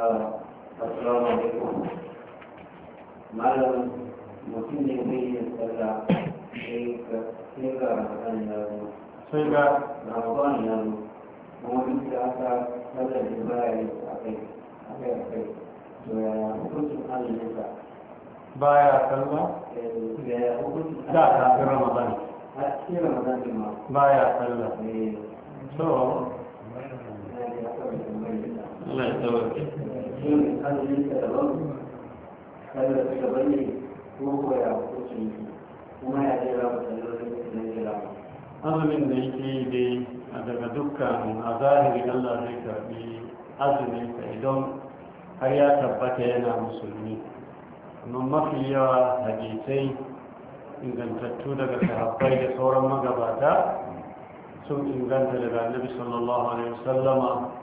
assalamu alaikum malam mutum ne zai yi tsalla sai ga ramadan ya zo sai ga ramadan ya zo kuma duk da aka tsalla da baya a kai a kai a kai to yaya hukuncin azuminsa baya sallah yaya hukuncin da kafin ramadan a cikin ramadan ne ma baya sallah so Allah ya shin hannun ka da kada ka da ne ko ko ya kuce ne kuma ya jira ba ta lura da jira ba azumin da yake yi dai daga dukkan a zahiri allah zai karbi azumin ka idan har ya tabbata yana musulmi amma mafi yawa hadisai ingantattu daga sahabbai da sauran magabata sun inganta daga annabi sallallahu alaihi wasallama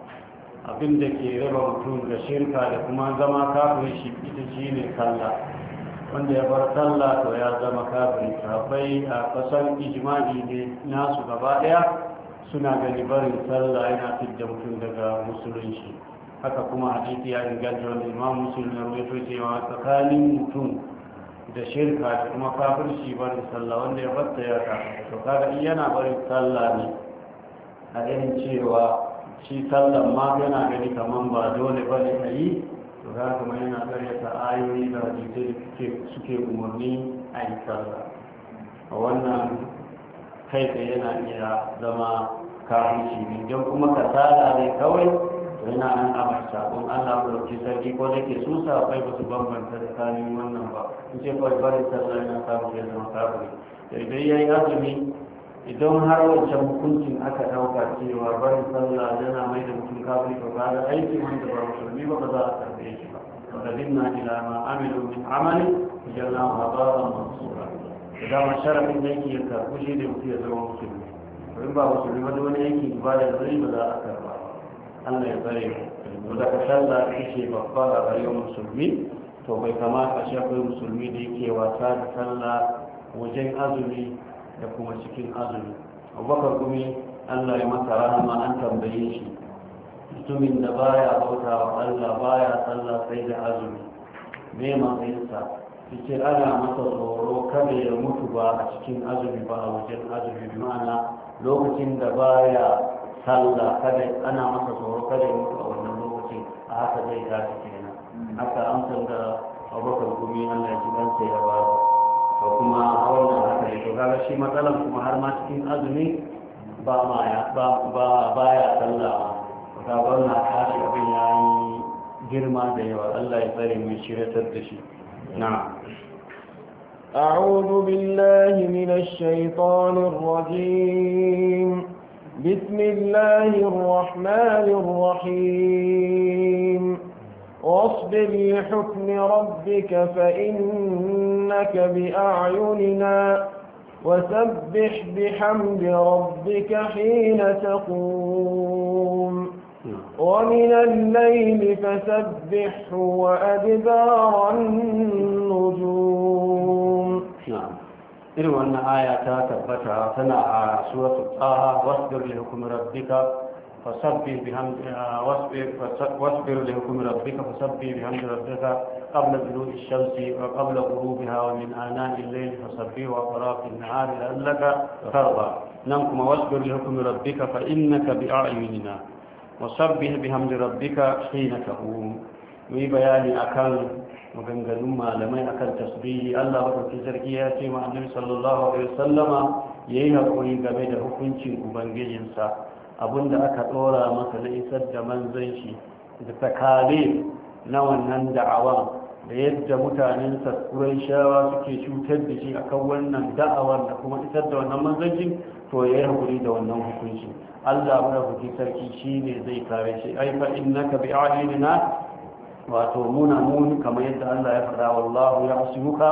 abin da ke raba mutum da shirka da kuma zama kafin shi ita shi ne sallah wanda ya bar sallah to ya zama kafin kafai a kasan ijma'i ne nasu gaba daya suna gani barin sallah yana fidda mutum daga musulunci haka kuma a hadisi ya inganta wanda imam musulun ya rubuto cewa tsakanin mutum da shirka da kuma kafin shi barin sallah wanda ya bar ya kafa to kaga yana barin sallah ne a irin cewa shi sallan ma yana gani kamar ba dole ba ne a yi to ya kuma yana karyata ayoyi da hadisai suke umarni a yi sallah a wannan kai da yana iya zama shi ne don kuma ka kasala ne kawai yana nan a mai sabon allah ku dauki sarki ko da ke susa kai ba su bambanta da kanin wannan ba in ce kawai barin sallah yana samun ya zama kafin. daidai ya yi azumi idan har wancan hukuncin aka ɗauka cewa barin sallah yana mai da mutum kafin ba aiki wanda ba musulmi ba ba za a karbe shi ba فقدمنا إلى ما عملوا من عمل وجعلناه هباء musulmi إذا ما شرف إليك يكافوشي لمتي يزرون مسلمين وإن بقى مسلمين مدون إليك إقبال الغريب لا أكبر ألا يضرب shi شلا كشي a غير musulmi? to bai kamata shafi musulmi da yake wasa da sallah wajen azumi da kuma cikin azumi abubakar kuma allah ya masa rahama an tambaye shi mutumin da baya bauta wa allah baya sallah sai da azumi me matsayinsa ce ana masa tsoro kada ya mutu ba a cikin azumi ba a wajen azumi ma'ana lokacin da baya sallah kada ana masa tsoro kada ya mutu a wannan lokacin a haka zai tashi kenan haka amsar da abokan gumi allah ya ji ya ba da kuma hawan da aka yi to kaga shi matsalan kuma har ma cikin azumi ba ma ya ba ba ya sallah ka gwamna tashi abin ya yi girma da yawa Allah ya tsare mai shiratar da shi na أعوذ بالله من الشيطان الرجيم بسم الله الرحمن الرحيم واصبر لحكم ربك فإنك بأعيننا وسبح بحمد ربك حين تقوم ومن الليل فسبحه وأدبار النجوم نعم إذن آياتا تبتها سنة آية سورة الطاها واصبر لحكم ربك فسبح بحمد آه، واصبر لحكم ربك فسبح بحمد ربك قبل طلوع الشمس وقبل غروبها ومن آناء الليل فسبح وفراق النهار لعلك ترضى نمكم واصبر لحكم ربك فإنك بأعيننا وسبح بحمد ربك حين تقوم مي بيان أكل وبنغلوم لما أكل تسبيه الله وكفي سرقياتي مع النبي صلى الله عليه وسلم يهيه قوي قبيل حكم تنكو بنغيجنسا abinda aka dora masa na isar da manzon shi da takale na wannan da'awar, da yadda mutanen sassurai shawa suke cutar da shi akan wannan da'awar da kuma isar da wannan manzanci, to ya yi hakuri da wannan hukunci allah muna hukunci sarki shi ne zai kare shi ai fa innaka bi na? wato muna mun kamar yadda allah ya faɗa wallahu ya asuka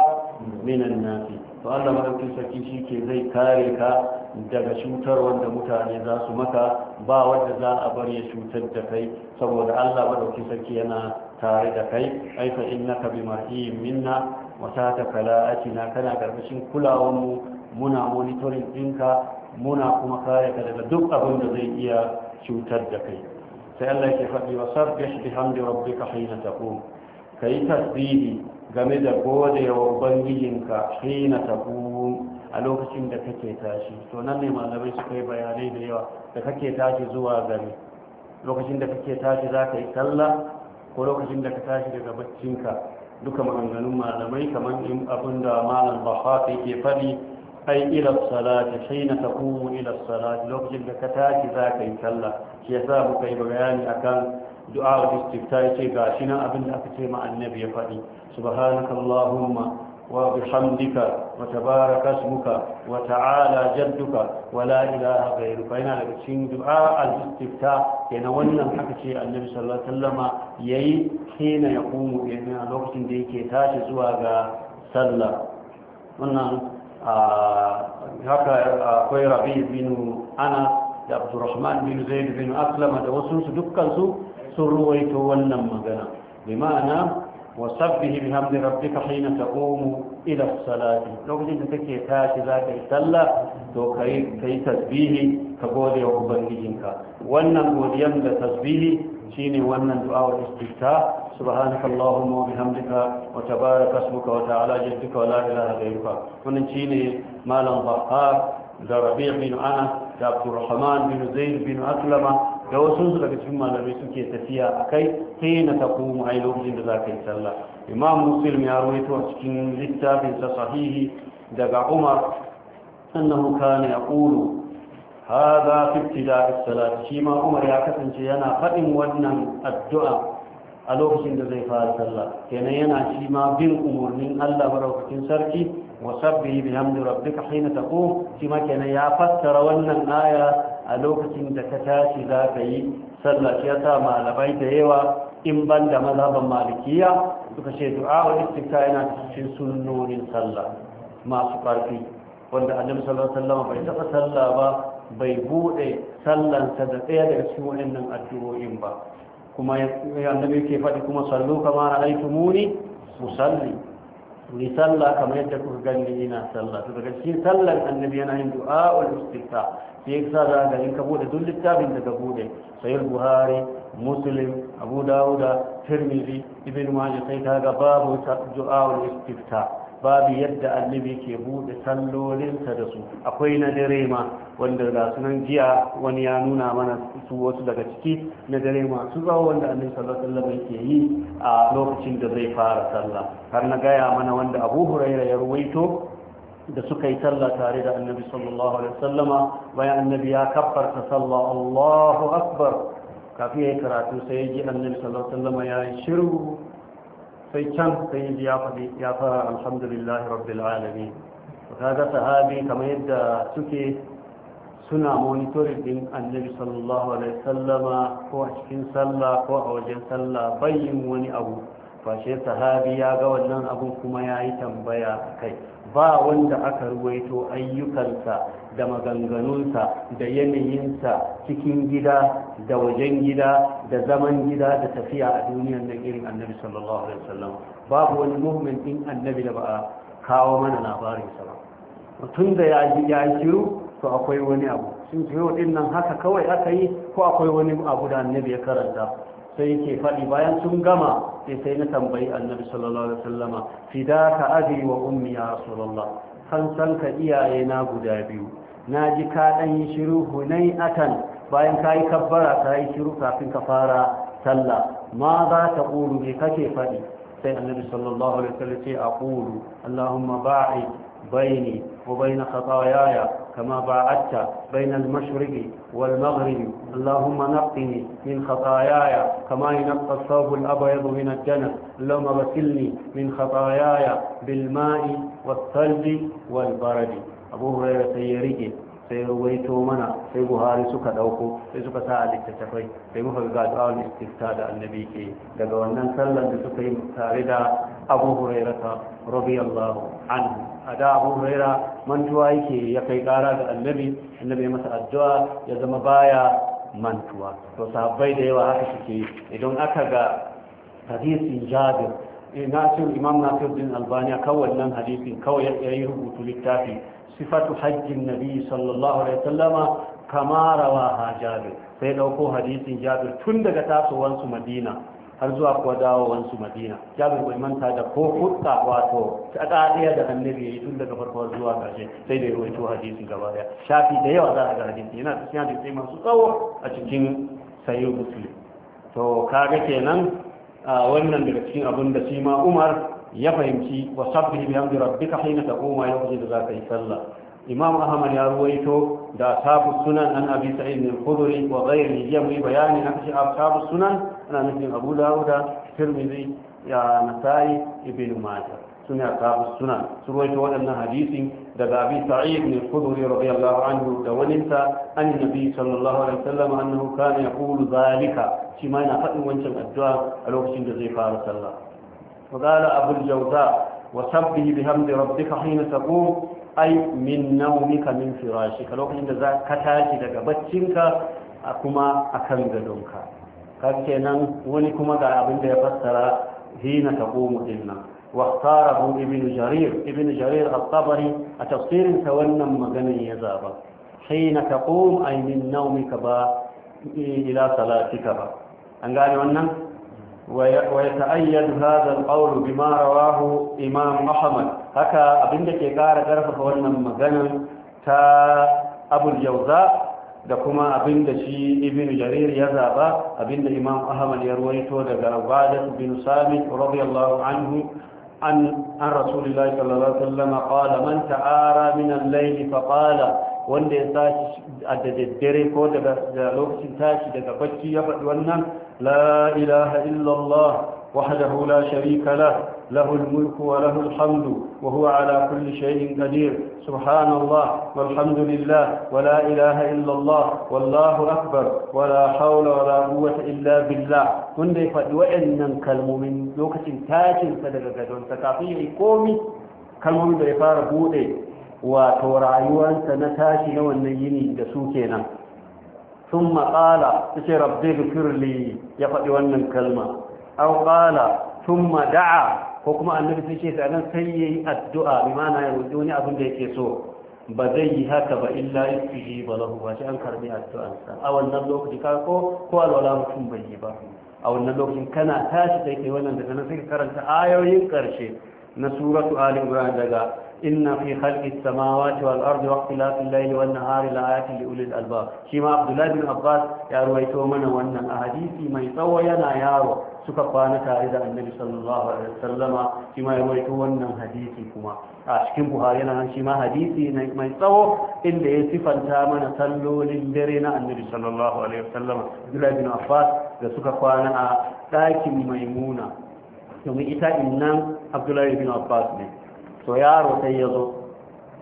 minan nasi to Allah madaukin sarki shi ke zai kare ka daga cutar wanda mutane za su maka ba wanda za a bar ya cutar da kai saboda Allah madaukin sarki yana tare da kai aika innaka bi mahiyin minna wa ta kala'atina kana karkashin kulawar mu muna monitoring ɗinka muna kuma kare ka daga duk abin da zai iya cutar da kai sai Allah ya faɗi wa sabbih bihamdi rabbika hina taqum ka yi tasbihi game da gode wa ubangijinka shi na tabu a lokacin da kake tashi to nan ne malamai su yi bayanai da yawa da kake tashi zuwa gari lokacin da kake tashi za ka yi sallah ko lokacin da ka tashi daga baccinka duka maganganun malamai kamar in abin da malam ta ke faɗi ai ila salati shi na ila salati lokacin da ka tashi za ka yi sallah shi yasa muka yi bayani akan du'a wa istifta ya ce ga shi nan abin da aka ce ma annabi ya faɗi subhanaka allahumma wa bihamdika wa tabaraka ismuka wa ta'ala jadduka wa la ilaha ghayruka yana daga cikin du'a al-istifta kenan wannan aka ce annabi sallallahu alaihi wasallama yayi kina ya kuma yana lokacin da yake tashi zuwa ga sallah wannan haka akwai rabi bin ana da abdurrahman bin zaid bin aslama da wasu su dukkan su sun ruwaito wannan magana bi ma'ana wa sabbihi bihamdi rabbika hina taqumu ila salati lokacin da kake tashi za ka yi sallah to kai kai tasbihi ka gode wa ubangijinka wannan godiyan da tasbihi shine wannan du'a wa istifta سبحانك اللهم وبحمدك wa ta'ala وتعالى جدك ولا اله غيرك wannan shine malam bahar da rabi' bin Ana, da abdurrahman bin zaid bin aslama da wasu daga cikin malamai suke tafiya a kai sai na ta kuma ai lokacin da za ka yi sallah imam muslim ya rawaito a cikin littafin sa sahihi daga umar a kana yaqulu hadha fi ibtida'i salat shi ma umar ya kasance yana faɗin wannan addu'a a lokacin da zai fara sallah kenan yana shi ma bin umarnin Allah maraukakin sarki wa sabbihi bihamdi rabbika hina taqum shi ma kenan ya fassara wannan aya a lokacin da ka tashi za ka yi sallah ya sa malamai da yawa in ban da mazhaban malikiya suka ce du'a wa istifta yana cikin sunnonin sallah masu ƙarfi wanda annabi sallallahu alaihi bai taɓa sallah ba bai bude sallansa da ɗaya daga cikin waɗannan addu'o'in ba kuma annabi ke faɗi kuma sallu kama ra'aytumuni musalli ku sallah kamar yadda kuka gani ina sallah to daga cikin sallar annabi yana yin du'a wal istifta sai ya sa da ga in ka bude duk littafin da ka bude sahih buhari muslim abu dauda tirmidhi ibn majah sai ka ga babu du'a wal babu yadda annabi ke buɗe sallolinsa da su akwai na dare ma wanda ga sunan jiya wani ya nuna mana su wasu daga ciki na dare su zawo wanda annabi sallallahu alaihi wasallam yake yi a lokacin da zai fara sallah har na gaya mana wanda Abu Huraira ya ruwaito da suka yi sallah tare da annabi sallallahu alaihi wasallama bayan annabi ya kaffarta sallah Allahu akbar kafin ya karatu sai ya ji annabi sallallahu alaihi wasallama ya shiru sai can sai ya faɗi ya fara alhamdulillahi rabbil ka ga sahabi kamar yadda suke suna monitoring din annabi sallallahu alaihi sallama ko a cikin sallah ko a wajen sallah bayin wani abu fashe sahabi ya ga wannan abun kuma ya yi tambaya kai ba wanda aka ruwaito ayyukansa da maganganunsa da yanayinsa cikin gida da wajen gida da zaman gida da tafiya a duniyar nan irin annabi sallallahu alaihi wasallam babu wani movement din annabi da ba a kawo mana labarinsa ba mutum da ya ji ya shiru to akwai wani abu sun ce yau din nan haka kawai aka yi ko akwai wani abu da annabi ya karanta sai yake faɗi bayan sun gama sai sai na tambayi annabi sallallahu alaihi wasallam fidaka abi wa ummi ya rasulullah kan san ka iyaye na guda biyu na ji ka ɗan yi shiru hunai atan bayan ka yi kabbara ka yi shiru kafin ka fara sallah ma za ta ƙuru ne kake faɗi sai annabi sallallahu alaihi wasallam ce a ƙuru allahumma ba'i baini wa baina khataayaya kama ba'adta baina al-mashriqi wal maghribi allahumma naqqini min khataayaya kama yunqqa ath-thawb al-abyad min al-janab allahumma ghsilni min khataayaya bil ma'i wath-thalji wal baradi abu huraira sai ya rike sai ya ruwaito mana sai buhari suka dauko sai suka sa a littattafai sai muka ga tsawon istifta da annabi ke daga wannan sallar da suka yi tare da abu huraira ta allahu an a da abu huraira mantuwa yake ya kai kara ga annabi annabi masa addu'a ya zama baya mantuwa to sabai da yawa haka suke idan aka ga hadisin jabir eh, nasir imam nasir din albaniya kawai nan hadisin kawai ya yi rubutu littafi sifatu hajjin nabi sallallahu alaihi wasallama kama rawaha jabir sai dauko hadisin jabir tun daga tasowansu madina har zuwa dawo dawowansu madina jabir bai manta da ko hutsa wato tsakadiya da annabi yayi tun daga farko zuwa karshe sai da rawaito hadisin gaba daya shafi da yawa za a ga hadisi yana da cikin hadisi masu tsawo a cikin sahih muslim to kaga kenan wannan daga cikin abin da shi ma Umar yafahimci wa sabbi bi amri rabbika hayna taquma yawji da zaka yi imam ahmad ya ruwaito da sabu sunan an abi sa'id bin khudri wa ghairihi ya bayani an shi sabu sunan ana nufin abu dawuda tirmidhi ya nasai ibn majah sunan sabu sunan ruwaito wannan hadisin daga abi sa'id bin khudri radiyallahu anhu da wani ta an nabi sallallahu alaihi wasallam annahu kana yaqulu zalika shi ma yana fadin wancan addu'a a lokacin da zai fara sallah فقال أبو الجوزاء وسبه بحمد ربك حين تقوم أي من نومك من فراشك لو كنت ذا كتاشي لك بچنك أكما أكم قدومك كأنه ونكما قال أبو الجوزاء فسر حين تقوم إلنا واختاره ابن جرير ابن جرير الطبري أتصير تولنا مغني يزابا حين تقوم أي من نومك با إلى صلاتك با أنقال ونم ويتأيد هذا القول بما رواه إمام أحمد هكا أبنك قال قرفة ونم مغنم تا أبو الجوزاء da kuma abin shi ibn jarir ya zaba abinda da imam ahmad ya ruwaito daga ubadat bin samit radiyallahu anhu an an rasulullahi sallallahu alaihi wasallam qala man ta'ara min al-layl fa wanda ya tashi a daddare ko daga lokacin tashi daga bacci ya faɗi wannan لا إله إلا الله وحده لا شريك له له الملك وله الحمد وهو على كل شيء قدير سبحان الله والحمد لله ولا إله إلا الله والله أكبر ولا حول ولا قوة إلا بالله كن دي فدوئنن كالمؤمن لوكتين تاكين صدقة دون تكافيعي قومي kalmomin da ya fara bude wato rayuwarsa na tashi na wannan yini da su kenan sun matsala ta ce rabbi bikirli ya faɗi wannan kalma An ƙala sun da'a ko kuma annabi sun ce sanan sai ya yi addu'a bi mana ya roƙi wani abin da yake so ba zai yi haka ba illa istihi ba lahu ba shi an karbi addu'ansa a wannan lokaci ka ko ko alwala mutum bai yi ba a wannan lokacin kana tashi sai kai wannan da nan sai karanta ayoyin karshe na suratu ali imran daga Inna fi إن في خلق السماوات والأرض واختلاف الليل والنهار لآيات لأولي الألباب شيما عبد الله بن عباس يا رويتو من وأن hadisi mai tsawo yana yaro suka kwana tare da annabi sallallahu alaihi wasallama shi ma yawaito wannan hadisi kuma a cikin buhari yana shi ma hadisi mai tsawo inda ya sifanta mana sallolin dare na annabi sallallahu alaihi wasallama abdullahi bin abbas da suka kwana a ɗakin maimuna domin ita innan abdullahi bin abbas ne to yaro sai ya zo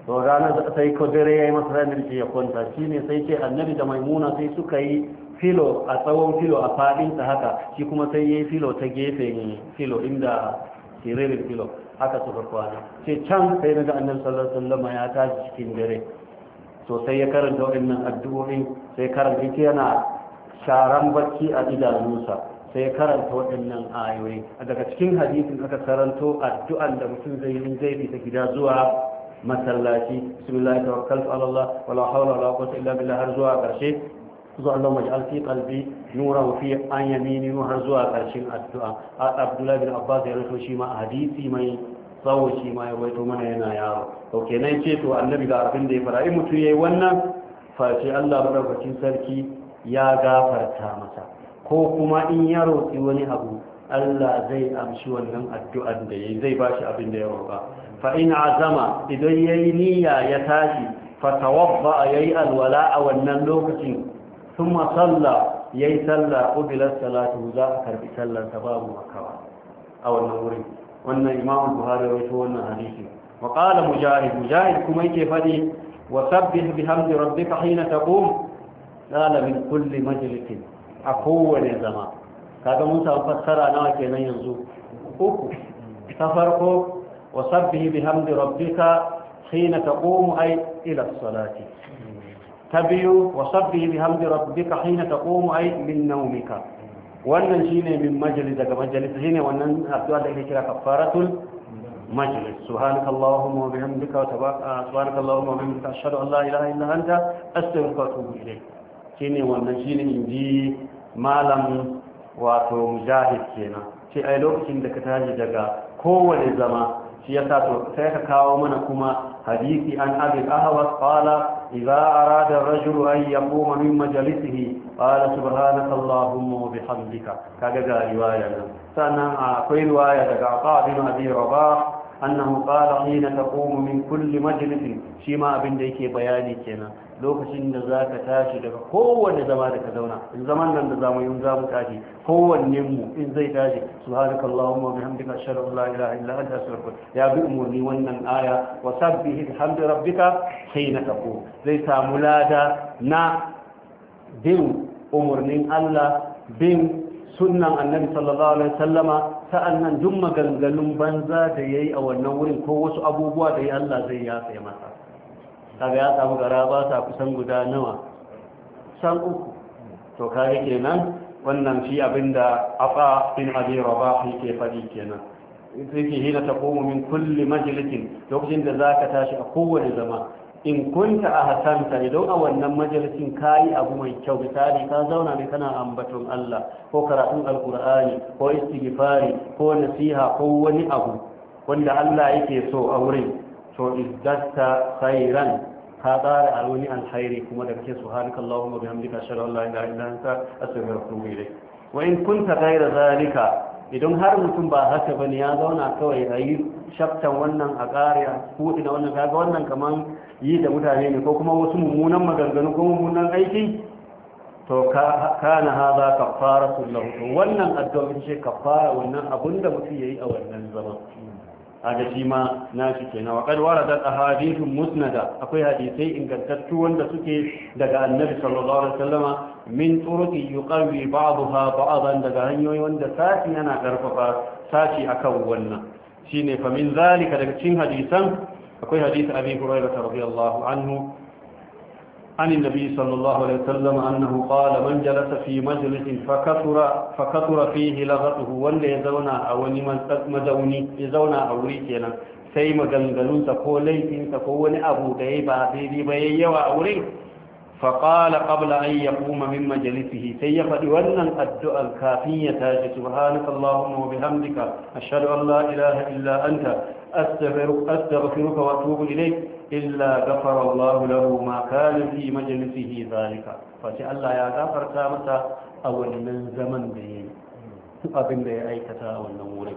to ranar sai kudure ya yi masa ranar ce ya kwanta shi ne sai ce annabi da maimuna sai suka yi filo a tsawon filo a faɗinsa haka shi kuma sai ya yi filo ta gefen filo inda siririn filo haka suka kwana ce can sai daga annabi sallallahu alaihi wasallam ya tashi cikin dare to sai ya karanta waɗannan addu'o'in sai karanta yana sharan bacci a idanunsa sai karanta waɗannan ayoyi daga cikin hadisin aka karanto addu'an da mutum zai yi zai bi ta gida zuwa masallaci bismillah tawakkaltu ala Allah wala hawla wala quwwata illa billah har zuwa karshe zuwa Allah maj'al fi qalbi nuran fi an yamini har zuwa karshen addu'a Abdullah bin Abbas ya rawaito shi ma hadisi mai tsawo shi ma ya rawaito mana yana yaro to kenan ce to annabi ga abin da ya fara in mutum yayi wannan face Allah madaukakin sarki ya gafarta masa ko kuma in ya roƙi wani abu Allah zai amshi wannan addu'ar da yayi zai shi abin da ya roƙa fa azama idan yayi niyya ya tashi fa ya yayi alwala a wannan lokacin thumma salla yayi salla ubila salatu za a karbi sallar sa babu makawa a wannan wurin wannan imamu buhari ya wannan hadisi wa qala mujahid mujahid kuma yake faɗi wa sabbih bihamdi rabbika hina ta qala min kulli majlisin a kowane zama kaga mun samu fassara nawa kenan yanzu uku ta farko wa sabbihi bihamdi rabbika hina taqumu ay ila salati ta biyu wa sabbihi bihamdi rabbika hina taqumu ay min nawmika wannan shine min majlis daga majlis shine wannan addu'a da ake kira kafaratul مجلس سبحانك اللهم وبحمدك وتبارك سبحانك اللهم وبحمدك اشهد ان لا اله الا انت استغفرك واتوب اليك Shine wannan shine inji malam wato mujahid kenan ce ai lokacin da ka tashi daga kowane zama shi ya sa to sai ka kawo mana kuma hadisi an abi ahwas qala idza arada ar-rajulu an yaquma min majalisihi qala subhanaka allahumma wa bihamdika kaga ga riwaya nan sannan akwai riwaya daga qabil abi rabah annahu qala hina taqumu min kulle majlisin shi ma abin da yake bayani kenan lokacin da zaka tashi daga kowanne zama da ka zauna in zaman nan da zamu yi za mu tashi kowanne mu in zai tashi subhanakallahumma wa bihamdika ashhadu an la ilaha illa anta astaghfiruka ya bi umurni wannan aya wa sabbihi bihamdi rabbika hina taqum zai samu lada na bin umarnin Allah bin sunnan annabi sallallahu alaihi sa'annan duk maganganun banza da yayi a wannan wurin ko wasu abubuwa da ya Allah zai tsaye masa kaga ya samu gara ba sa kusan guda nawa san uku to kage kenan wannan shi abinda afa bin abi rabah yake fadi kenan yake hina taqumu min kulli majlisin lokacin da zaka tashi a kowane zama in kunta a hasanta idan a wannan majalisin kayi abu mai kyau misali ka zauna ne kana ambaton Allah ko karatun alkur'ani ko istighfari ko nasiha ko wani abu wanda Allah yake so a wurin to izdasta khairan ka tsara a wani alkhairi kuma da kake subhanaka allahumma bihamdika ashhadu an la ilaha anta astaghfiruka wa ilayk wa in kunta ghayra zalika idan har mutum ba haka bane ya zauna kawai ayi shaftan wannan a ƙariya kuɗi ina wannan kaga wannan kamar. yi da mutane ne ko kuma wasu mummunan maganganu ko mummunan aiki to kana haza kafara sullahu to wannan addu'a ita ce kafara wannan abun da mutum yayi a wannan zaman kaga shi ma na shi kenan wa qad waradat ahadithun musnada akwai hadisai ingantattu wanda suke daga annabi sallallahu alaihi wasallama min turuqi yuqawi ba'daha ba'dan daga hanyoyi wanda sashi yana karfafa sashi akan wannan shine fa min zalika daga cikin hadisan أقول حديث أبي هريرة رضي الله عنه عن النبي صلى الله عليه وسلم أنه قال من جلس في مجلس فكثر فكثر فيه لغته وليزونا أو لمن مدوني يزونا أو ريكينا سيما قلقلون تقول ليتين تقول أبو ديبا ديبا ييبا أولي فقال قبل أن يقوم من مجلسه سيما لولنا الأدعى الكافية سبحانك اللهم وبحمدك أشهد أن لا إله إلا أنت أستغفرك وأتوب إليك إلا غفر الله له ما كان في مجلسه ذلك فشاء الله يا غفر كامتا أول من زمن به أبن دي أيكتا أول نموري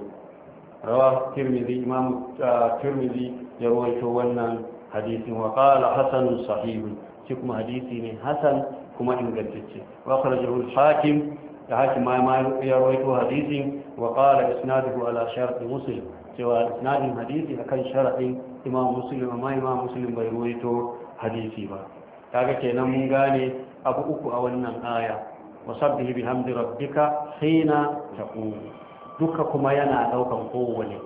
رواه الترمذي إمام الترمذي يروي شوانا حديث وقال حسن صحيح شكم حديثي من حسن كما إن قدتش وأخرجه الحاكم الحاكم ما يروي حديث وقال إسناده على شرط مسلم cewa isnadin hadisi akan sharaɗin imam muslim amma imam muslim bai ruwaito hadisi ba kaga kenan mun gane abu uku a wannan aya wasabbihi bihamdi rabbika hina taqum duka kuma yana daukan kowane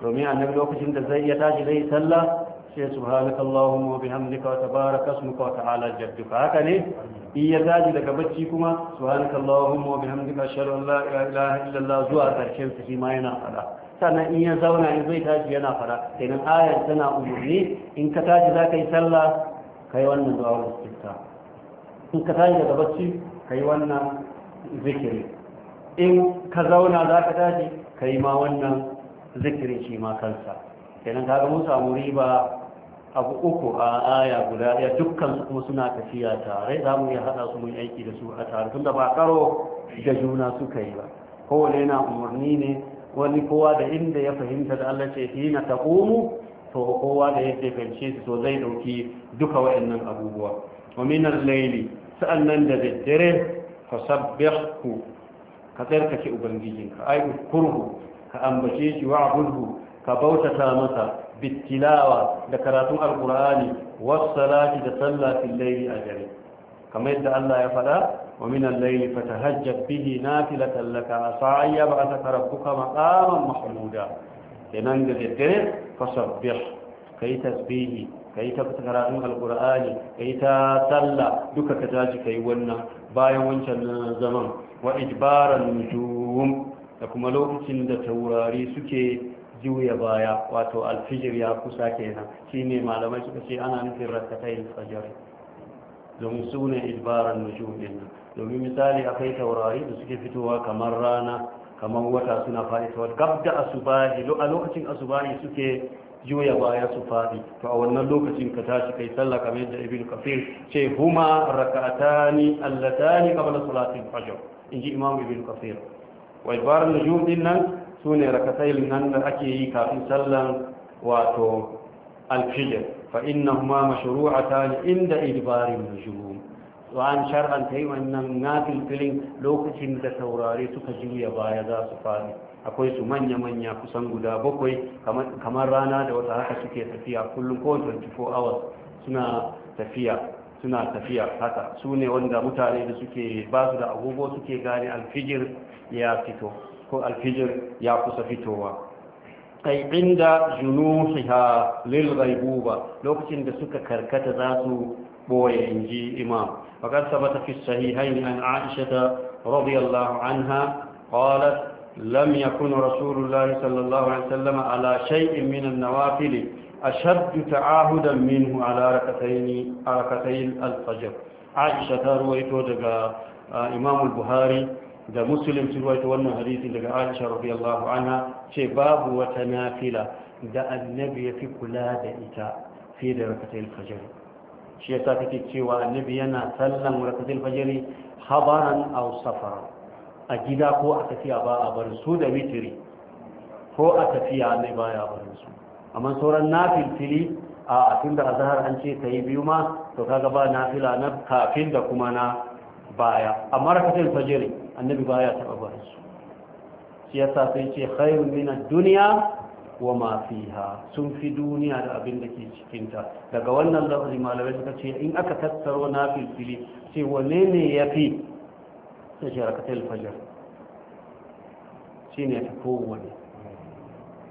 domin annabi lokacin da zai ya tashi zai sallah sai subhanaka allahumma wa bihamdika wa tabaraka ismuka wa ta'ala jadduka haka ne in ya tashi daga bacci kuma subhanaka allahumma wa bihamdika ashhadu an la ilaha illa allah zuwa karshen sa shi ma yana fada sannan in ya zauna in zai taji yana fara kenan ayar tana umurni in ka taji za ka yi sallah ka yi wannan zuwa wani cikinta in ka taji daga bacci ka yi wannan zikiri in ka zauna za ka taji ka yi ma wannan zikirin shi ma kansa kenan kaga mun samu riba abu uku a aya guda ɗaya dukkan su kuma suna tafiya tare za mu iya haɗa su mun aiki da su a tare tun da ba karo da juna suka yi ba kowane yana umarni ne wani kowa da inda ya fahimta da Allah ce hina taqumu to kowa da yadda fahimce su to zai ɗauki duka wayannan abubuwa wa min al-layli sa'annan da daddare fasabbihu ka tsarkake ka ai kurhu ka ambace shi wa abudhu ka bautata masa bittilawa da karatun alqur'ani was salati da sallatin layli a dare kamar yadda Allah ya faɗa ومن الليل فتهجد به نافلة لك عسى أن يبعثك ربك مقاما محمودا يننجل الدين فصبح كي تسبيه كي تقرأ القرآن كي تتلى دك كتاج كي ونا بايا وانشا الزمن وإجبار النجوم لكم لوكت توراري سكي juya baya wato alfijir ya kusa kenan shine malamai suka ce ana nufin rakatai alfajr domin sune idbaran nujum din domin misali kai taurari da suke fitowa kamar rana kamar wata suna faɗi ta gab da asubahi a lokacin asubahi suke juya baya su faɗi to a wannan lokacin ka tashi kai sallah kamar yadda ibn kafir ce huma rak'atani allatani qabla salati fajr inji imam ibn kafir wa ibar nujum din nan sune rakatai nan da ake yi kafin sallan wato al-fajr fa innahuma mashru'atan inda idbar nujum an ta yi wannan nafilfilin lokacin da taurari suka juya baya za su faɗi akwai su manya-manya kusan guda bakwai kamar rana da wata haka suke tafiya kullum ko 24 hours suna tafiya suna tafiya haka su ne wanda mutane da suke ba su da agogo suke gane alfijir ya fito ko alfijir ya kusa fitowa kai inda junuhiha lil ghaibuba lokacin da suka karkata za su boye inji imam فقد ثبت في الصحيحين عن عائشة رضي الله عنها قالت لم يكن رسول الله صلى الله عليه وسلم على شيء من النوافل أشد تعاهدا منه على ركتين ركتي الفجر عائشة رويته دقى آه، إمام البخاري da مسلم ruwaita wannan حديث daga aisha radiyallahu anha ce babu wata nafila da annabi ya fi kula da ita fi shi yasa cewa annabi yana sallan rakatul fajr habaran aw safara a gida ko a tafiya ba a bar su da witri ko a tafiya ne ya barin su amma sauran nafilfili a tun da azhar an ce yi biyu ma to kaga ba nafila na kafin da kuma na baya amma rakatul fajr annabi baya taba barin su shi yasa sai ce khairun min ad-dunya wa ma fiha sun fi duniya da abin da ke cikinta daga wannan lafazi malamai suka ce in aka tattaro na filfili ce wane ne ya fi ta sharakatar fajar shi ne ta kowane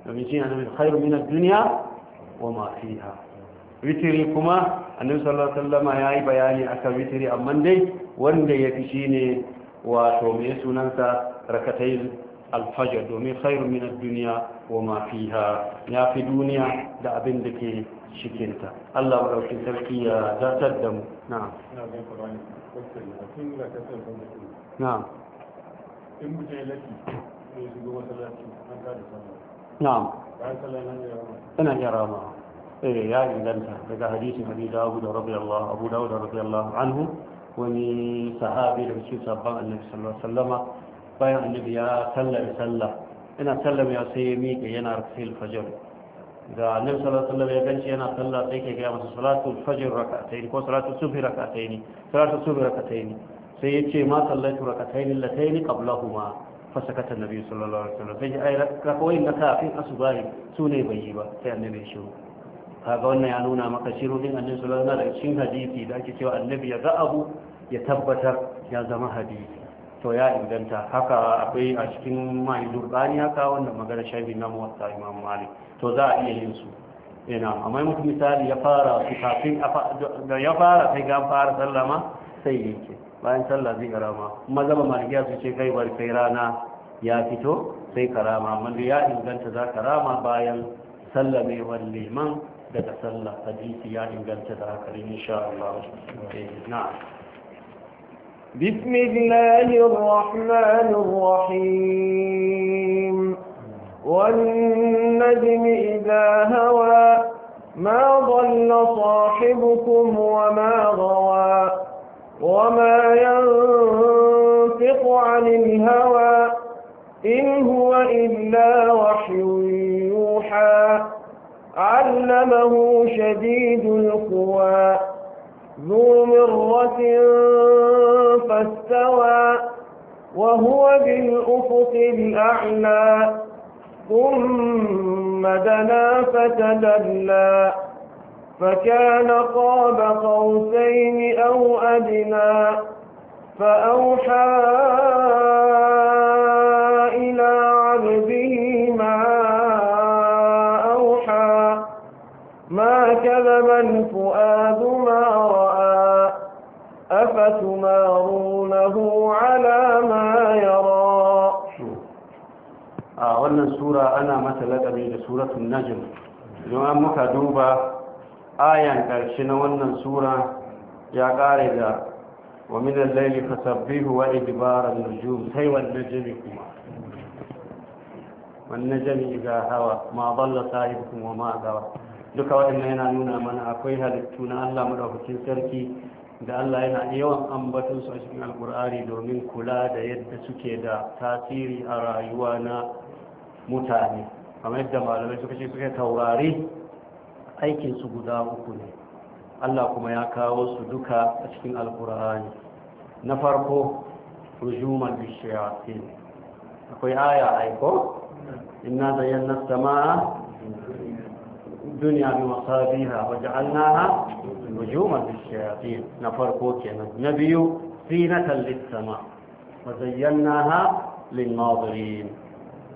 domin shi ne khairu minar duniya wa ma fiha witiri kuma annabi sallallahu alaihi wasallam ya yi bayani akan witiri amma dai wanda ya fi shine wato mai sunansa rakatai alfajar domin khairun min duniya wa mafiha ya fi duniya da abin da ke cikinta allah ɗauki sarki ya zartar da mu na'am na'am in mutum ya laki ne su goma salati an kada sallah na'am bayan sallah nan ya rama ina ya rama eh ya inganta daga hadisin abi dawud radiyallahu abu dawud radiyallahu anhu wani sahabi da cikin sabban annabi sallallahu alaihi wasallama bayan annabi ya sallar sallah ina sallam ya sai ya miƙe yana rafil fajr da annabi sallallahu alaihi wasallam ya ganci yana sallah sai ke gaya masa salatul fajr rak'atayn ko Salatu subhi rak'atayn salatul subhi rak'atayn sai ya ce ma sallaitu rak'atayn allatayn qablahuma fa sakata annabi sallallahu alaihi wasallam sai ya ai rakawai na kafin asubahi sune bai yi ba sai annabi ya shiru kaga wannan ya nuna maka shiru din annabi sallallahu alaihi wasallam da cikin hadisi da ake cewa annabi ya ga abu ya tabbatar ya zama hadisi to ya inganta haka akwai a cikin mai durbani haka wanda magana shafi na muwatta imam malik to za a iya yin su ina amma mutum misali ya fara su kafin da ya fara sai ga fara sallama sai yake bayan sallah zai karama zama malikiya su ce kai bari sai rana ya fito sai karama amma da ya inganta za karama bayan sallamewar liman daga sallah hadisi ya inganta da haka insha Allah eh, na'am بسم الله الرحمن الرحيم والنجم إذا هوى ما ضل صاحبكم وما غوى وما ينطق عن الهوى إن هو إلا وحي يوحى علمه شديد القوى ذو مرة فاستوى وهو بالأفق الأعلى ثم دنا فتدلى فكان قاب قوسين أو أدنى فأوحى إلى عبده ما أوحى ما كذب الفؤاد ما أفتمارونه على ما يرى a wannan sura ana mata laƙabi da suratun najm don an muka duba ayan ƙarshe na wannan sura ya ƙare da wa minan laili fasabbihu wa idbaran nujum sai wan najmi kuma wan hawa ma dalla sahibukum wa ma gawa duka waɗanda yana nuna mana akwai halittu na Allah madaukakin sarki da Allah yana yawan ambatun su a cikin alkur'ani domin kula da yadda suke da tasiri a rayuwa na mutane kamar yadda malamai suka ce suke taurari aikin su guda uku ne Allah kuma ya kawo su duka a cikin alkur'ani na farko rujuman bishiyatin akwai aya aiko inna zayyana sama'a الدنيا بمصابيها وجعلناها نجوما للشياطين نفرقوك النبي زينة للسماء وزيناها للناظرين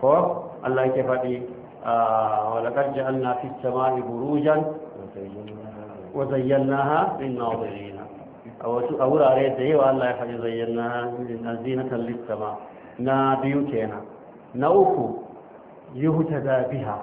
فوق الله كيف آه ولقد جعلنا في السماء بروجا وزيناها للناظرين أو أو رأيت أيوة الله يحفظ زيناها زينة للسماء نبيوتنا نوكو يهتدى بها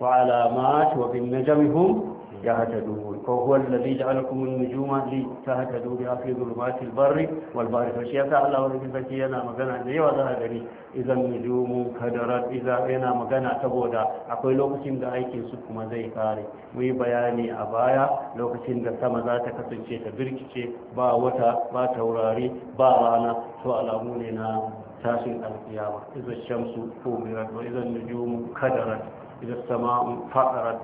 وعلامات وبالنجم هم يهتدون وهو الذي جعلكم النجوم لتهتدوا بها في ظلمات البر والبحر فشيء الله ورب فكينا مغنى ne wa za a gani idan nujumu kadarat idan yana magana saboda akwai lokacin da aikin su kuma zai kare mu yi bayani a baya lokacin da sama za ta kasance ta birkice ba wata ba taurari ba rana to alamu ne na tashin alkiyama idan shamsu ko idan sama'u fadarat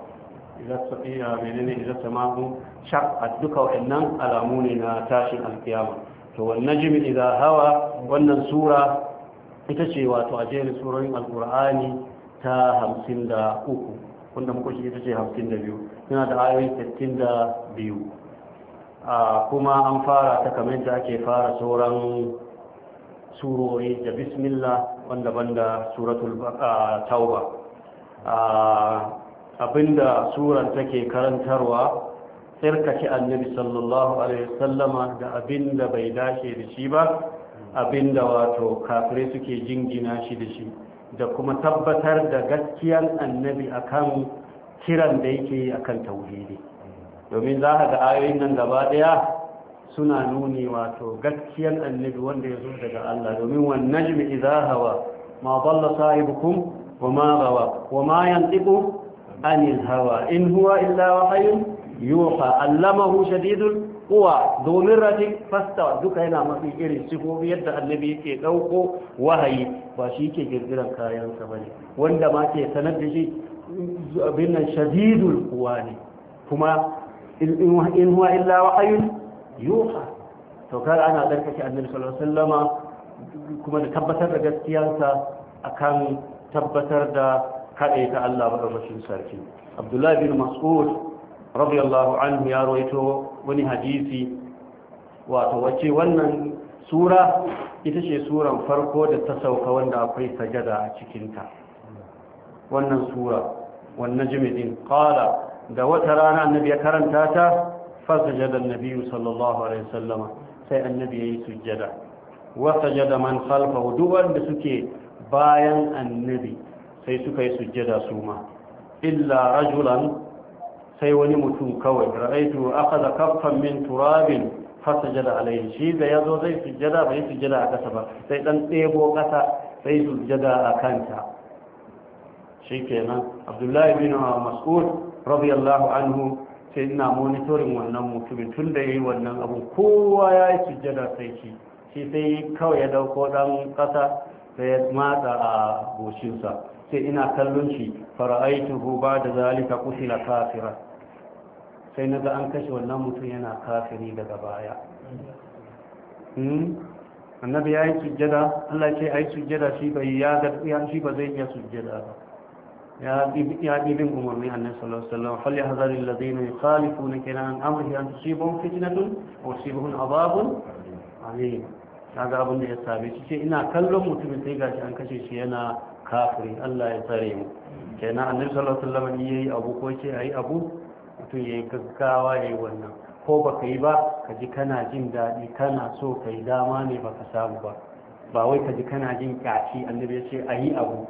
idan safiya menene idan sama'u a duka wa'annan alamu ne na tashin alkiyama to wan najmi idha hawa wannan sura ita ce wato a jerin surorin Alkur'ani ta hamsin da uku, wanda muka shi ita ce hamsin da biyu, yana da ayoyin da biyu, a kuma an fara ta kamar da ake fara sauran surori da bismillah wanda banda suratul tauba abinda suran take karantarwa tsirkake annabi sallallahu alaihi wasallama da abinda bai dace da shi ba abinda wato kafirai suke jingina shi da shi da kuma tabbatar da gaskiyan annabi akan kiran da yake akan tauhidi domin za ka ga ayoyin nan gaba daya suna nuni wato gaskiyan annabi wanda ya zo daga Allah domin wannan najmi idza hawa ma dalla sahibukum وما غوى وما ينطق عن الهوى إن هو إلا وحي يوحى علمه شديد القوى ذو مرة فاستوى دوك هنا ما في إيري سفو بيد النبي كي دوكو وهي وشي كي جرجرا كايان سبني وندما كي سندشي بين شديد القوى كما إن هو إلا وحي يوحى to kar ana tsarkake annabi sallallahu alaihi wasallama kuma da tabbatar da gaskiyarsa akan tabbatar da kaɗe ta Allah maɗaukacin sarki abdullahi bin mas'ud radiyallahu anhu ya roito wani hadisi wato wace wannan sura ita ce suran farko da ta sauka wanda akwai sajada a cikinta wannan sura wannan jimidin ƙala? da wata rana annabi ya karanta ta fa sajada annabi sallallahu alaihi wasallama sai annabi yayi sujjada wa jada man khalfahu duk wanda suke bayan annabi sai suka yi sujjada su ma illa rajulan sai wani mutum kawai ra'aitu akhadha kaffan min turabin fasajada alayhi shi da yazo zai sujjada bai sujjada a kasa ba sai dan tsebo kasa sai sujjada a kanta shikenan abdullahi bin mas'ud radiyallahu anhu sai ina monitoring wannan mutumin tun da yayi wannan abu kowa ya yi sujjada sai shi shi sai kawai ya dauko dan kasa sai ya matsa a goshinsa sai ina kallon shi fara'aituhu ba da zalika kutila kafira sai na ga an kashe wannan mutum yana kafiri daga baya hmm? annabi ya yi sujjada Allah ce a yi sujjada shi ba zai iya sujjada ba ya bi bin umarni annabi sallallahu alaihi wasallam fal yahzar alladhina yukhalifuna kana an amrihi an tusibahum fitnatun aw yusibahum adhabun alim kaga abin da ya same shi ce ina kallon mutumin sai gashi an kashe shi yana kafiri Allah ya tsare mu kenan annabi sallallahu alaihi wasallam yayi abu ko ce ayi abu mutum yayi gaggawa yayi wannan ko baka yi ba ka kana jin daɗi kana so ka dama ne baka samu ba ba wai kaji kana jin kaci annabi ya ce ayi abu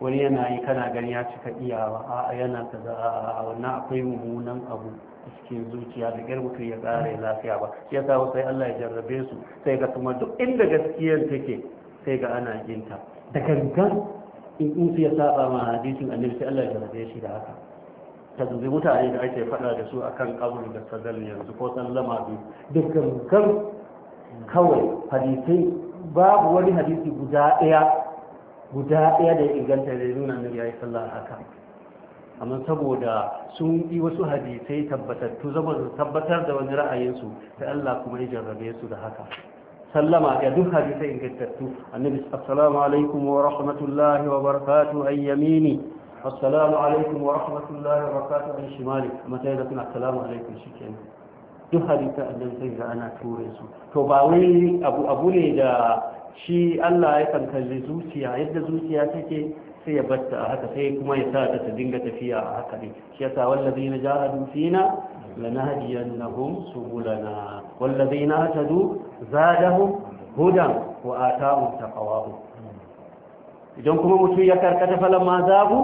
wani yana yi kana gani ya cika iyawa a'a yana kaza a'a wannan akwai mummunan abu cikin zuciya da ƙyar mutum ya ƙara lafiya ba ya sa sai Allah ya jarrabe su sai ga kuma duk inda gaskiyar take sai ga ana jinta da gangan in su ya saba ma hadisin annabi sai Allah ya jarrabe shi da haka ta zubi mutane da ake faɗa da su akan kabul da sadal yanzu ko lama bi da gangan kawai hadisai babu wani hadisi guda ɗaya guda ɗaya da ya inganta da nuna annabi ya yi sallah haka amma saboda sun yi wasu hadisai tabbatattu zama su tabbatar da wani ra'ayinsu sai Allah kuma ya jarrabe su da haka sallama ya duk hadisai ingantattu annabi assalamu alaikum wa rahmatullahi wa barakatuh ay yamini assalamu alaikum wa rahmatullahi wa barakatuh ay shimali amma sai da kuma assalamu alaikum shikenan duk hadisai annabi sai ga ana ture su to ba wai abu abu ne da shi Allah ya kankalle zuciya yadda zuciya take sai ya batta a haka sai kuma ya sa ta dinga tafiya a haka ne shi yasa wallazina jahadu fina lanahdiyannahum subulana wallazina tadu zadahum hudan wa atahum taqawahu idan kuma mutum ya karkata falan ma zabu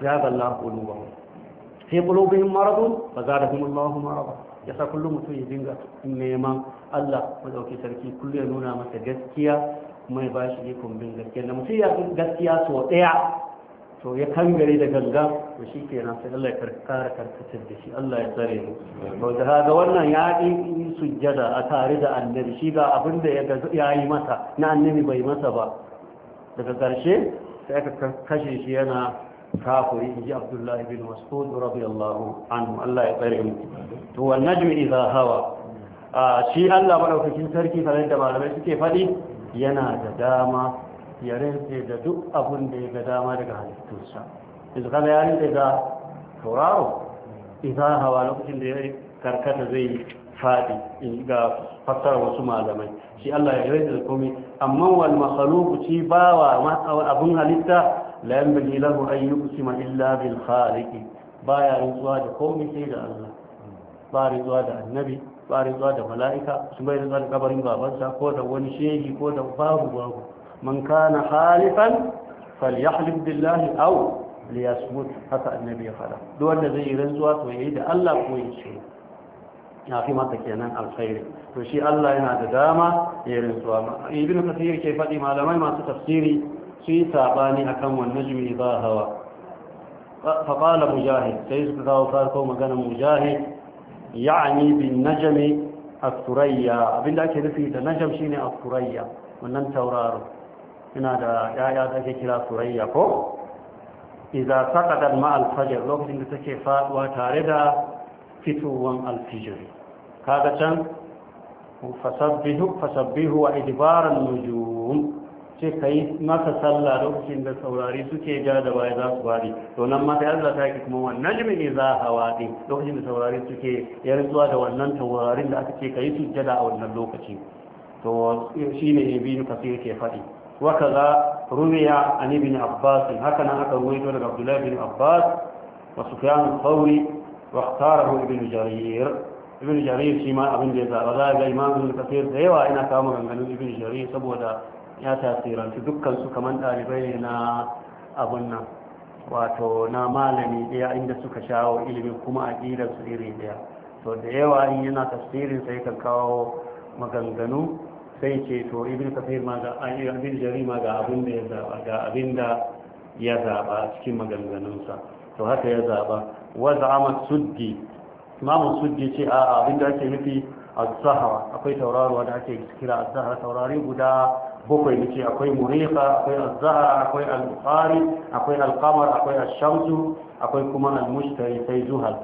zaba Allah qulubahum fi qulubihim maradun fa zadahum Allah marada yasa kullu mutum ya dinga neman Allah madauki sarki kullu ya nuna masa gaskiya mai ba shi ikon bin gaske da mutum ya gaskiya so ɗaya to ya kangare da ganga to shi ke nan sai Allah ya karkara karkatar da shi Allah ya tsare mu to da ga wannan ya yi sujjada a tare da annabi shi ga abin da ya yi masa na annabi bai masa ba daga ƙarshe sai aka kashe shi yana kafuri inji Abdullah ibn Mas'ud radiyallahu anhu Allah ya tsare mu to wannan najmi idza hawa shi Allah madaukakin sarki kamar da malamai suke faɗi yana da dama ya rinse da duk abin da ya ga dama daga halittunsa yanzu kama ya rinse da tauraro idan hawa lokacin da ya karkata zai faɗi ga fassara wasu malamai shi Allah ya rinse da komai amma wal makhluq ci bawa abun halitta la yanbaghi lahu an ma illa bil khaliq baya rintsuwa da komai sai da Allah ba rintsuwa da annabi ba rantsuwa da mala'ika su bai rantsuwa kabarin babansa ko da wani shehi ko da babu babu man kana halifan falyahlif billahi aw liyasmut haka annabi ya fada duk wanda zai yi rantsuwa to yayi da Allah ko ya ce ya fi maka kenan alkhairi to shi Allah yana da dama ya rantsuwa ibnu kathir ke faɗi malamai masu tafsiri su yi sabani akan wannan najmi hawa fa qala mujahid sai su kawo farko magana mujahid ya'ani bin najami as abinda ake nufi da najam shine as-surayya wannan tauraro ina da yaya da ake kira surayya ko idza saqadat ma al-fajr lokacin da take faduwa tare da fituwan al-fajr kaga can fasabbihu fasabbihu wa idbaran nujum ce ka yi masa sallah lokacin da saurari suke ja da baya za su wari to nan ma sai ta ki kuma wannan jimi ne za a hawa wadi lokacin da saurari suke yarzuwa da wannan taurarin da aka ce ka yi sujjada a wannan lokaci to shine ibn kasir ke faɗi wa kaza ruwiya an ibn abbas haka nan aka ruwaito daga Abdullahi ibn abbas wa sufyan al-thawri wa ikhtarahu ibn jarir ibn jarir shi ma abin da ya zaba za ga imam ibn kasir da yawa ina kama ganganin ibn jarir saboda ya tasiranta dukkan su kamar ɗalibai ne na abun nan wato na malami ɗaya inda suka shawo ilimi kuma a su iri ɗaya to da yawa in yana tasirin sai kan kawo maganganu sai ce to ibn kafir ma ga abin jari ma ga abin da ya zaba ga abin da ya zaba cikin maganganunsa to haka ya zaba wa za'ama suddi imamu suddi ce a abin da ake nufi az-zahra akwai tauraruwa da ake kira az-zahra taurari guda bakwai da ce akwai muriqa akwai azhar akwai al-bukhari akwai al-qamar akwai ash shams akwai kuma al-mushtari sai zuhal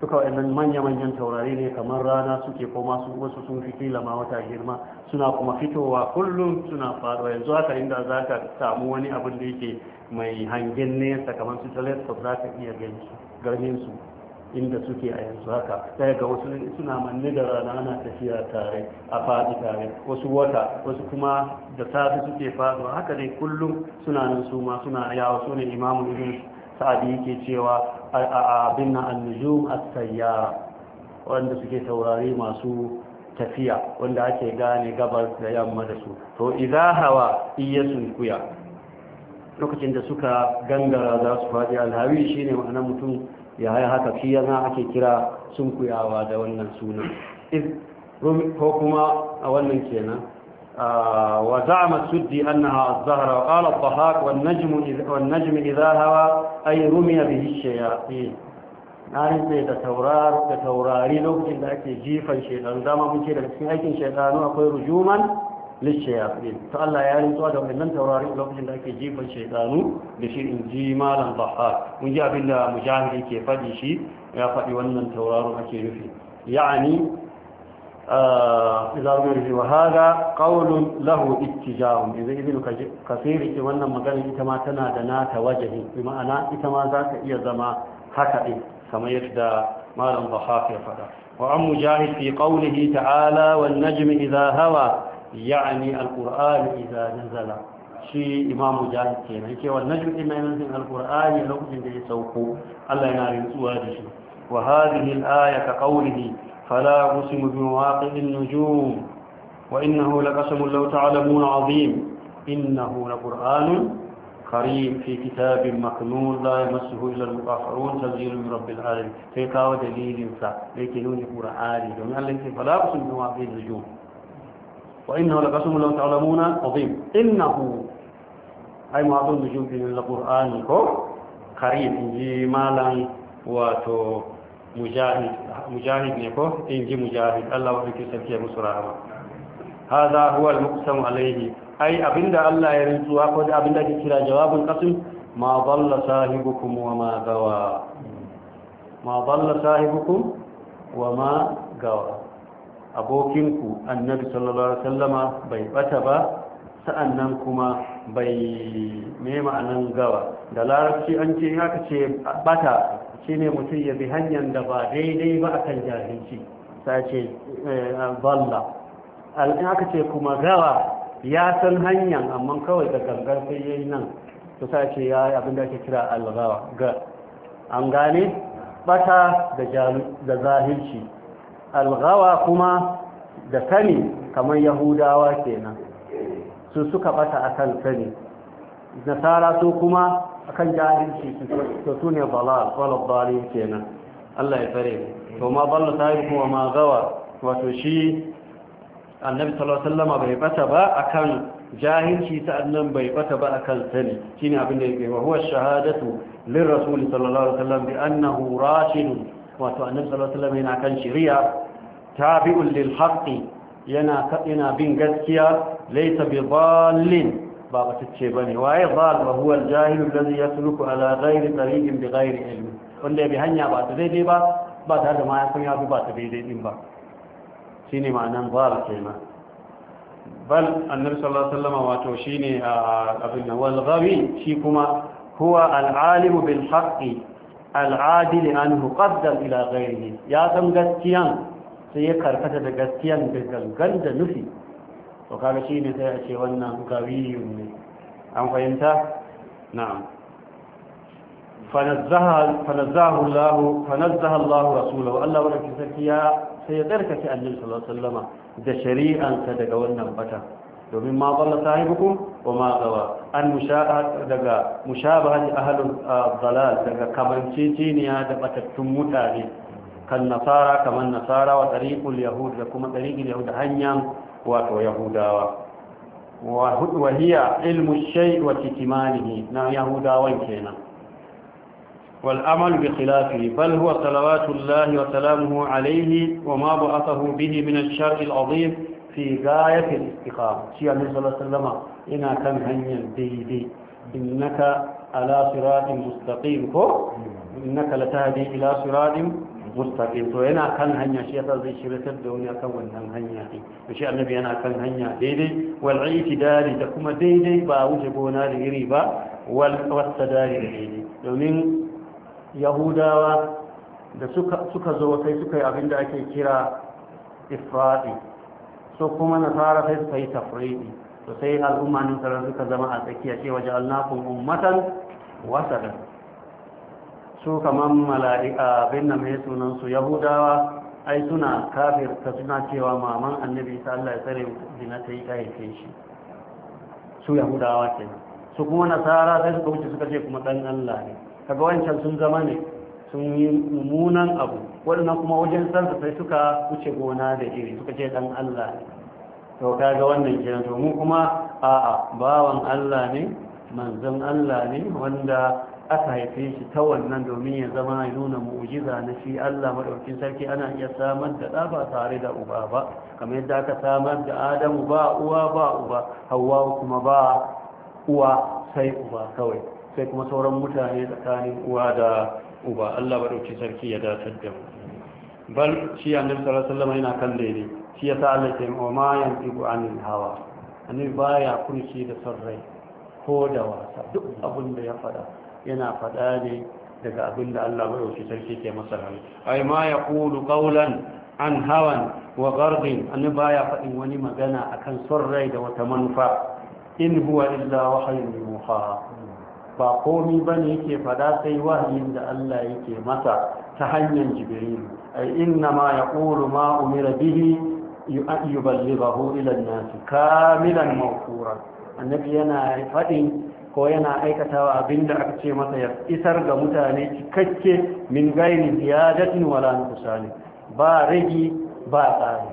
duka wannan manya-manyan taurari ne kamar rana suke ko su wasu sun fiti lama ma wata girma suna kuma fitowa kullum suna faruwa yanzu haka inda za samu wani abin da yake mai hangen nesa kamar su telescope za ka iya ganin su inda suke a yanzu haka sai ga wasu suna manne da rana ana tafiya tare a faɗi tare wasu wata wasu kuma da safi suke faɗo haka dai kullum suna nan su ma suna yawo su ne imamu ibn sa'adi yake cewa abin na annujum as-sayyara wanda suke taurari masu tafiya wanda ake gane gabar da yamma da su to idza hawa iyasun kuya lokacin da suka gangara za su faɗi alhawi shine ma'ana mutum ya haya haka shi ake kira sun kuyawa da wannan suna ko kuma a wannan kenan wa za'ama suddi zahra wa qala ad-dhahak wa an an-najmu da taurari lokacin da ake jifan shedan zama muke da cikin aikin shedanu akwai rujuman lishayatin Ta Allah ya rantsuwa da wannan taurari lokacin da ake jifan shaytanu da shi in ji malam bahar mun ji abin da mujahid yake faɗi shi ya faɗi wannan tauraro ake nufi ya'ani idza rubi wa hada qawlun lahu ittijahum idza ibnu kasir yake wannan magana ita ma tana da nata wajahi ma'ana ita ma za ta iya zama haka ɗin kamar yadda malam bahar ya faɗa وعن مجاهد في قوله تعالى والنجم إذا هوى يعني القرآن إذا نزل شيء إمام جاهد جانتين هكي والنجم إما ينزل القرآن لكم من ذي سوقه الله ينعلم سواده وهذه الآية كقوله فلا قسم بمواقع النجوم وإنه لقسم لو تعلمون عظيم إنه لقرآن كريم في كتاب مكنون لا يمسه إلا المقافرون تزيل من رب العالم فيقاوة دليل فلا لكنون قرآن فلا قسم بمواقع النجوم وإنه لقسم لو تعلمون عظيم إنه أي معظم نجوم في القرآن قريب إنجي مالا واتو مجاهد مجاهد نكو إنجي مجاهد الله وحكي سبكي مسرعه هذا هو المقسم عليه أي أبند الله يرنسوها قد أبند كتلا جواب القسم ما ضل صاحبكم وما غوى ما ضل صاحبكم وما غوى abokinku annabi sallallahu alaihi wasallama bai bata ba sa'annan kuma bai mema nan gawa da larabci an ce haka ce bata shine mutum ya bi hanyar da ba daidai ba akan jahilci sai ce eh, balla al'in haka ce kuma gawa ya san hanyar amma kawai da gangar sai yi nan to sai ce ya abin da ake kira algawa ga an gane bata da jahilci algawa kuma da sani kamar yahudawa kenan su suka bata akan sani nasara su kuma akan jahilci to su ne balal balabbalin kenan Allah ya tsare to ma balla sai kuma ma gawa wato shi annabi sallallahu alaihi wasallam bai bata ba akan jahilci sa'annan bai bata ba akan sani shine abin da yake wa huwa shahadatu lirrasul sallallahu alaihi wasallam bi annahu rashid wato annabi sallallahu alaihi wasallam yana kan shari'a تابع للحق ينا كنا بن غسيا ليس بضال باب تشيبني واي ضال وهو الجاهل الذي يسلك على غير طريق بغير علم قل لي بهنيا بعد ذي ذي با بعد هذا ما يكون يا ذي ذي ذي با شيني ما ضال كلمة بل النبي صلى الله عليه وسلم واتوشيني أبنا آه، آه، والغبي شيكما هو العالم بالحق العادل أنه قدر إلى غيره يا ثم غسيان sai ya karkata da gaskiyan da gangan da nufi to kaga shi ne sai a ce wannan gawiyun ne an fahimta na'am fanazzahu Allah fanazzaha Allah rasulahu Allah barki sarki ya sai ya tsarkake annabi sallallahu alaihi wasallama da shari'ansa daga wannan bata domin ma balla sahibukum wa ma gawa an mushabahat daga mushabahat ahlul ah, dalal daga kamanceceniya da batattun mutane kan nasara kamar nasara wa tariqul yahud da kuma tariqul yahud hanyar wato yahudawa wa hudu wa hiya ilmu shay wa kitmanihi na yahudawan kenan wal amal bi khilafi bal huwa salawatullah wa salamuhu alayhi wa ma ba'athahu bihi min ash-shar' al-'azim fi ghayat al-istiqam shi annabi sallallahu alaihi wasallam ina kan hanyar daidai innaka ala siratin mustaqim ko innaka latahdi ila siratin mustaqim to yana kan hanya shi yasa zai shiryatar da wani akan wannan hanya ne to shi annabi yana kan hanya daidai wal itidali da kuma daidai ba wuce gona da iri ba wal wasadari da daidai domin yahudawa da suka suka zo kai suka yi abin da ake kira ifradi so kuma nasara sai suka yi tafridi to sai al'umma nan suka zama a tsakiya cewa ja'alnakum ummatan wasadan su kamar mala'ika abin da mai sunansu yahudawa ai suna kafir ta suna cewa maman annabi ta Allah ya tsare zina ta yi ta haife shi su yahudawa ke su kuma nasara sai suka wuce suka ce kuma ɗan Allah ne kaga wancan sun zama ne sun yi mummunan abu waɗannan kuma wajen sansa sai suka wuce gona da iri suka ce ɗan Allah ne to kaga wannan kenan to mu kuma a'a bawan Allah ne manzon Allah ne wanda aka haife shi ta wannan domin ya zama ya nuna mu'ujiza na shi Allah madaukin sarki ana iya samar da ɗa ba tare da uba ba kamar yadda aka samar da Adamu ba uwa ba uba Hawwa kuma ba uwa sai uba kawai sai kuma sauran mutane tsakanin uwa da uba Allah madaukin sarki ya dace da mu bal shi annabi sallallahu alaihi wasallam yana kan daidai shi yasa Allah ya ce o ma ku anil hawa annabi baya kunshi da sarrai ko da wasa duk abin da ya faɗa yana faɗa ne daga abin da Allah maɗauki sarki ke masa rami ai ma ya ƙulu ƙaunan an hawan wa an ba ya faɗin wani magana a kan son rai da wata manufa in huwa illa wahayin muha ba komi ba ne yake faɗa sai wahayin da Allah yake masa ta hanyar jibrilu ai inna ma ya ƙulu ma umira bihi yuballighahu ilan an-nas kamilan mawqura annabi yana faɗin ko yana aikatawa abin da aka ce masa ya isar ga mutane cikakke min gairi ziyadatin wala nusani ba ragi ba tsari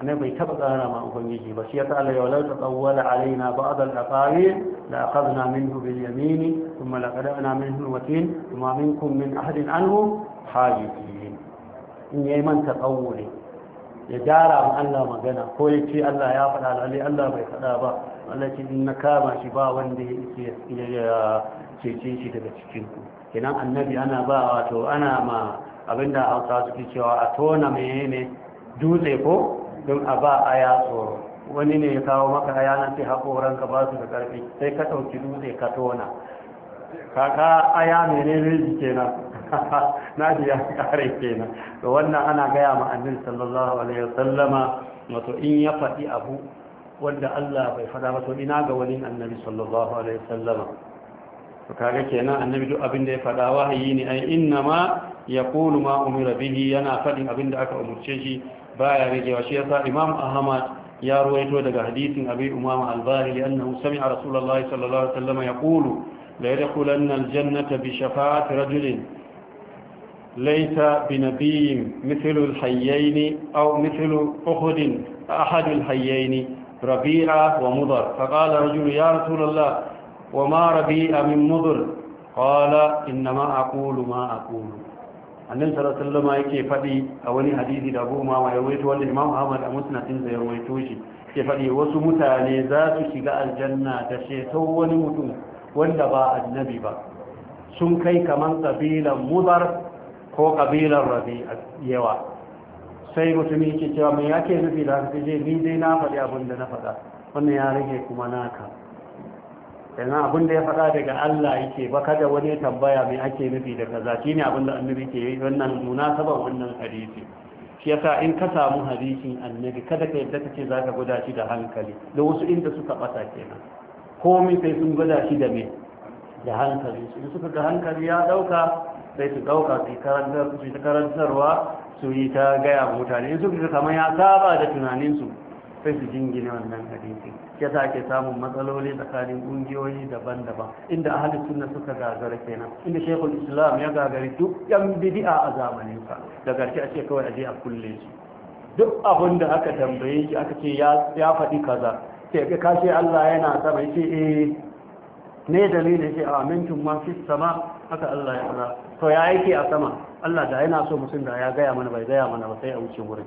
annai bai taɓa tsara ma ubangiji ba shi ya ta'ala ya walau taqawwala alaina ba ba'd al-aqawil la akhadna minhu bil yamin thumma la qadana minhu watin thumma kuma min kun min ahadin anhu hajibin in yi man taqawwuli ya gyara ma Allah magana ko ya ce Allah ya faɗa alhali Allah bai faɗa ba Allah na kama shi ba wanda ya cece shi daga cikin ku kenan annabi ana ba wato ana ma abinda hausa suke cewa a tona ne dutse ko don a ba a ya tsoro wani ne ya kawo maka aya nan sai haƙoranka ba su da ƙarfi sai ka ɗauki dutse ka tona kaka aya zai ji kenan na ji ya kare kenan to wannan ana gaya ma annabi sallallahu alaihi wasallama wato in ya faɗi abu wanda Allah bai fada ba sau ina ga wani annabi sallallahu alaihi sallama. to kaga kenan annabi duk abin da ya fada wahayi ne ai inna ma yaqulu ma umira bihi yana fadin abin da aka umurce shi baya rigewa shi yasa imam ahmad ya ruwaito daga hadisin abi umama al-bahili annahu sami'a rasulullahi sallallahu alaihi wasallama yaqulu la yadkhulanna al-jannata bi shafa'ati rajulin ليس بنبي مثل الحيين أو مثل أحد ربيعة ومضر فقال رجل يا رسول الله وما ربيع من مضر قال إنما أقول ما أقول annin sallama yake faɗi a wani hadisi da abu ma ya wanda imam ahmad a musnadin da ya shi ke faɗi wasu mutane za su shiga aljanna da ceto wani mutum wanda ba annabi ba sun kai kamar kabilan mudar ko kabilan rabi yawa sai mutum yake cewa mai yake nufi da haka je ni dai na faɗi abin da na faɗa wannan ya rage kuma naka yana abin da ya faɗa daga Allah yake ba kada wani tambaya mai ake nufi da kaza ne abin da annabi ke yi wannan munasabar wannan hadisi shi yasa in ka samu hadisin annabi kada ka yadda kace zaka guda shi da hankali da wasu inda suka bata kenan komai sai sun guda shi da me da hankali in suka ga hankali ya dauka sai su dauka su karantar su ta karantarwa su yi ta gaya mutane su fi kamar ya saba da tunaninsu sai su jingine wannan hadisi ya sa ke samun matsaloli tsakanin ƙungiyoyi daban-daban inda ahli sunna suka gagara kenan inda shekul islam ya gagari duk yan bidi'a a zamanin ka da garki a ce kawai aje a kulle su duk abin da aka tambaye shi aka ce ya faɗi kaza sai ka kashe Allah yana sama yace eh ne dalilin shi amintum ma fi sama haka Allah ya fara to ya yake a sama Allah da yana so mutum da ya gaya mana bai gaya mana ba sai a wuce wurin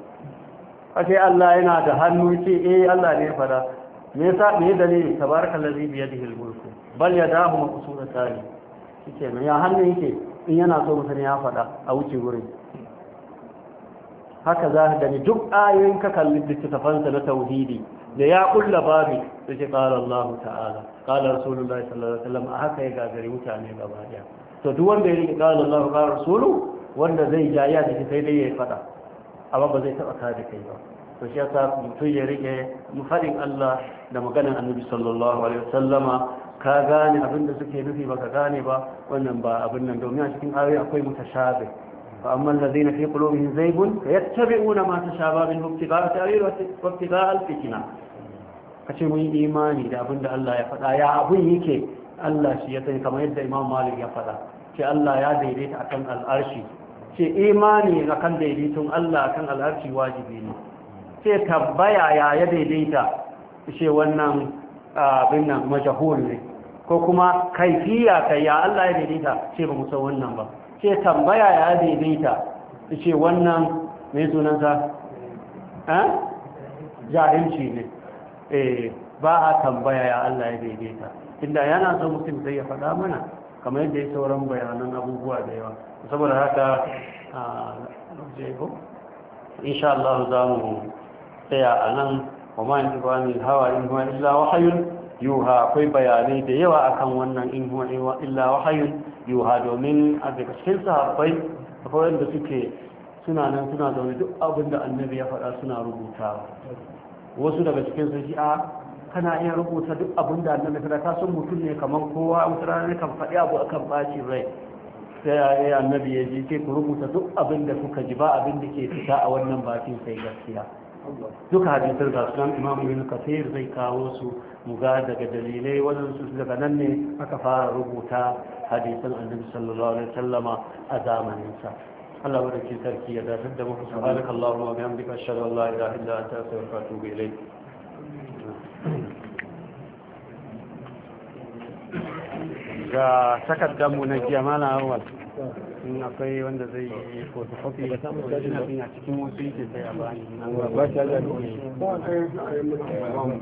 ashe Allah yana da hannu ce eh Allah ne fara me yasa me dalili tabarakallazi bi yadihi al-mulku bal yadahu mabsuutatan yake me ya hannu yake in yana so mutum ya fada a wuce wurin haka za ka gani duk ayoyin ka kalli sa na tauhidi da ya kulla babi da ce kala Allah ta'ala kala rasulullahi sallallahu alaihi wasallam a haka ya gagari mutane gaba daya to duk wanda ya rike kala Allah kala Rasulu wanda zai jaya da jiki sai dai ya faɗa amma ba zai taɓa kare kai ba to shi yasa mutum ya rike mufaɗin Allah da maganar annabi sallallahu alaihi wasallama ka gane abin da suke nufi baka gane ba wannan ba abin nan domin a cikin ayoyi akwai mutashabi fa amma allazina fi qulubihim zaybun yattabi'una ma tashaba min ibtigaa ta'wil wa ibtigaa al-fitna kace mun imani da abin da Allah ya faɗa ya abin yake Allah shi ya sani kamar yadda Imam Malik ya faɗa ce Allah ya daidaita akan al'arshi ce imani na kan daidaiton Allah kan alharci wajibi ne ce tabbaya ya ya daidaita ce wannan abin nan majahul ne ko kuma kaifiya kai ya Allah ya daidaita ce ba musa wannan ba ce tambaya ya daidaita ce wannan mai sunansa jahilci ne eh ba a tambaya ya Allah ya daidaita inda yana so mutum zai ya faɗa mana kamar yadda ya sauran bayanan abubuwa da yawa saboda haka insha Allah za mu tsaya a nan kuma in ba ni hawa in huwa illa wahayun yuha akwai bayanai da yawa akan wannan in huwa illa wahayun yuha domin a daga cikin sahabbai akwai wanda suke suna nan suna zaune duk abin da annabi ya faɗa suna rubutawa wasu daga cikin su a ah, kana iya rubuta duk abin da annabi ta ta sun mutum ne kamar kowa wata rana ne kan faɗi abu akan ɓaci rai sai ya annabi ya ji sai ku rubuta duk abin da kuka ji ba abin da ke fita a wannan bakin sai gaskiya duka hadisar ga sunan imam ibn kafir zai kawo su muga daga dalilai wannan su daga nan ne aka fara rubuta hadisan annabi sallallahu alaihi wasallama a zamanin sa Allah barke sarki ya dace da mu subhanakallahumma wa bihamdika ashhadu an la ilaha illa anta astaghfiruka wa atubu ilayk ga takardar mu na jiya mana awal in akwai wanda zai yi photocopy da samun da jina cikin wasu yake sai a bani